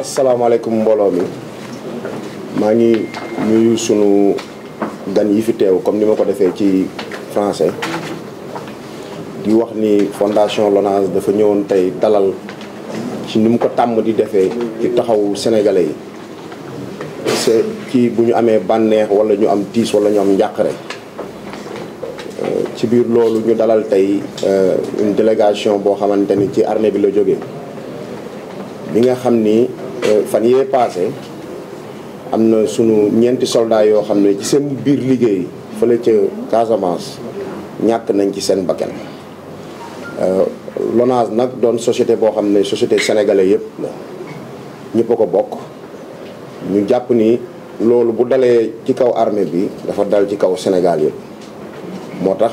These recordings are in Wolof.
asalaamaaleykum mbooloo mi maa ngi nuyu sunu gan yi fi teew comme ni ma ko defee ci français di wax ni fondation LONASE dafa ñëwoon tey dalal ci ni mu ko tàmm di defee ci taxawu sénégalais yi ci bu ñu amee bànneex wala ñu am tiis wala ñu am njàqare ci biir loolu ñu dalal tey euh, une délégation boo xamante ni ci armée bi la jógee bi nga xam ni Euh, fan yee paase am na sunu ñeenti soldats yoo xam ne ci seen biir liggéey fële ca Casamance ñàkk nañ ci seen bakkan euh, LONASE nag doon société boo xam ne société sénégalais yëpp la ñëpp a ko bokk ñu jàpp ni loolu bu dalee ci kaw armée bi dafa dal ci kaw Sénégal yëpp moo tax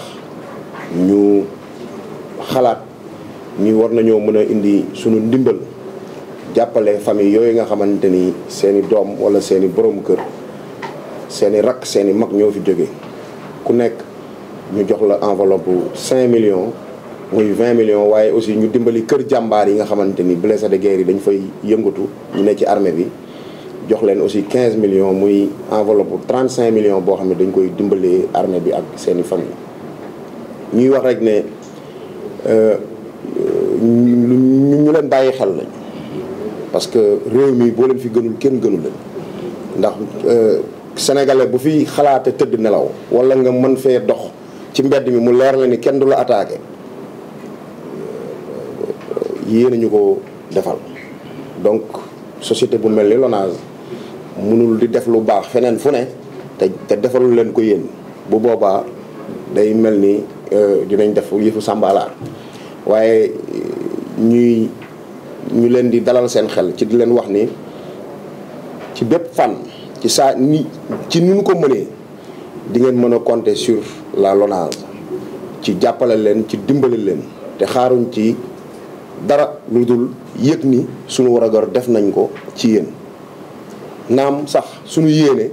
ñu xalaat ñu war nañoo mën a indi sunu ndimbal jàppale famille yooyu nga xamante ni seen doom wala seeni i kër seen i rakk seen i mag ñoo fi jóge ku nekk ñu jox la enveloppe cinq 5 millions muy 20 millions waaye aussi ñu dimbali kër jàmbaar yi nga xamante ni blessé de guerre yi dañ fay yëngatu ñu ne ci armée bi jox leen aussi quinze millions muy enveloppe bu cinq millions boo xam ne dañ koy dimbalee armée bi ak seeni i ñuy wax rek ne euh, ñu leen bàyyi xel lañ parce que réew mii boo leen fi gënul kenn gënu leen ndax euh, sénégalais bu fi xalaate tëdd nelaw wala nga mën fee dox ci mbedd mi mu leer la ni kenn du la attaqué euh, yéen a ñu ko defal donc société bu mel ni Lonase mënul di def lu baax feneen fu ne te te defalul leen ko yéen bu boobaa day mel ni euh, dinañ def yëfu sàmbaalaar waaye ñuy ñu leen di dalal seen xel ci di leen wax ni ci bépp fànn ci saa ni ci ni ñu ko mënee di ngeen mën a conté sur la LONASE ci jàppale leen ci dimbale leen te xaaruñ ci dara lu dul yëg ni sunu war a def nañ ko ci yéen naam sax suñu yéene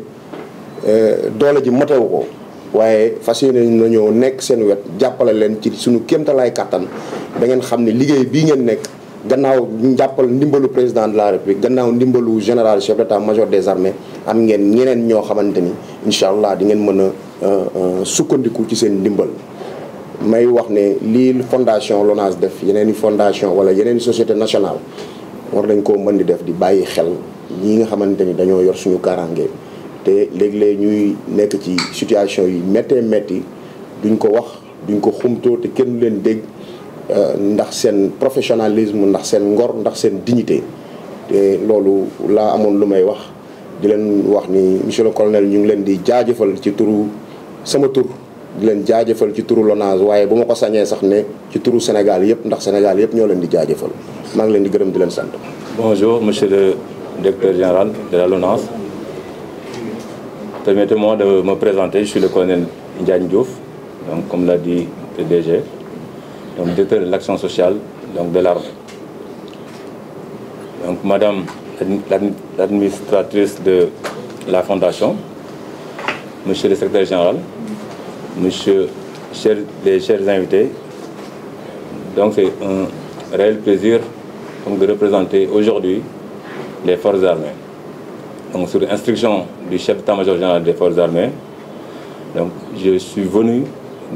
euh, doole ji matewu ko waaye fas yéene nañoo nekk seen wet jàppale leen ci suñu kéemtalaay kàttan da ngeen xam ne liggéey bii ngeen nekk gannaaw njàppal ndimbalu président de la république gannaaw ndimbalu général chef d'état major des armées am ngeen ñeneen ñoo xamante ni incha allah di ngeen mën a euh, euh, sukkandiku ci seen ndimbal. may wax ne lii fondation LONASE def yeneen i fondation wala yeneen i société national war nañ koo mën di def di bàyyi xel ñi nga xamante ni dañoo yor suñu kaaraange te léeg-léeg ñuy nekk ci situation yi méttee métti duñ ko wax duñ ko xumtoo te kenn leen dégg. Euh, ndax seen professionnalisme ndax seen ngor ndax seen dignité te loolu laa amoon lu may wax di leen wax ni monsieur le colonel ñu ngi leen di jaajëfal ci turu sama tur di leen jaajëfal ci turu LONASE waaye bu ma ko sañee sax ne ci turu Sénégal yëpp ndax Sénégal yëpp ñoo leen di jaajëfal maa leen di gërëm di leen sant. bonjour monsieur le directeur général de la LONASE permettez de me présenter je suis le colonel Ndiagne Diouf donc comme l'a dit le DG. donc directeur de l'action sociale donc de l'armée. Donc madame l'administratrice de la fondation, monsieur le secrétaire général, monsieur chers, les chers invités, donc c'est un réel plaisir donc, de représenter aujourd'hui les forces armées. Donc sur instruction du chef d'état-major général des forces armées, donc je suis venu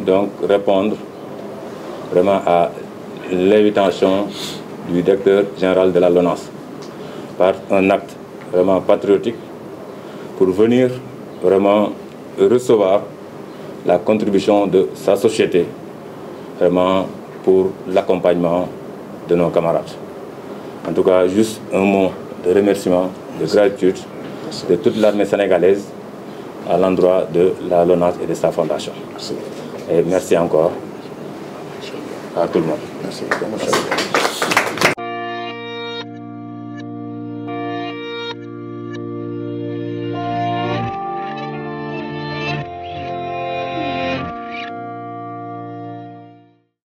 donc répondre vraiment à l'invitation du directeur général de la LONASE par un acte vraiment patriotique pour venir vraiment recevoir la contribution de sa société vraiment pour l'accompagnement de nos camarades. En tout cas, juste un mot de remerciement, de gratitude de toute l'armée sénégalaise à l'endroit de la LONASE et de sa fondation. Et merci encore. à tout le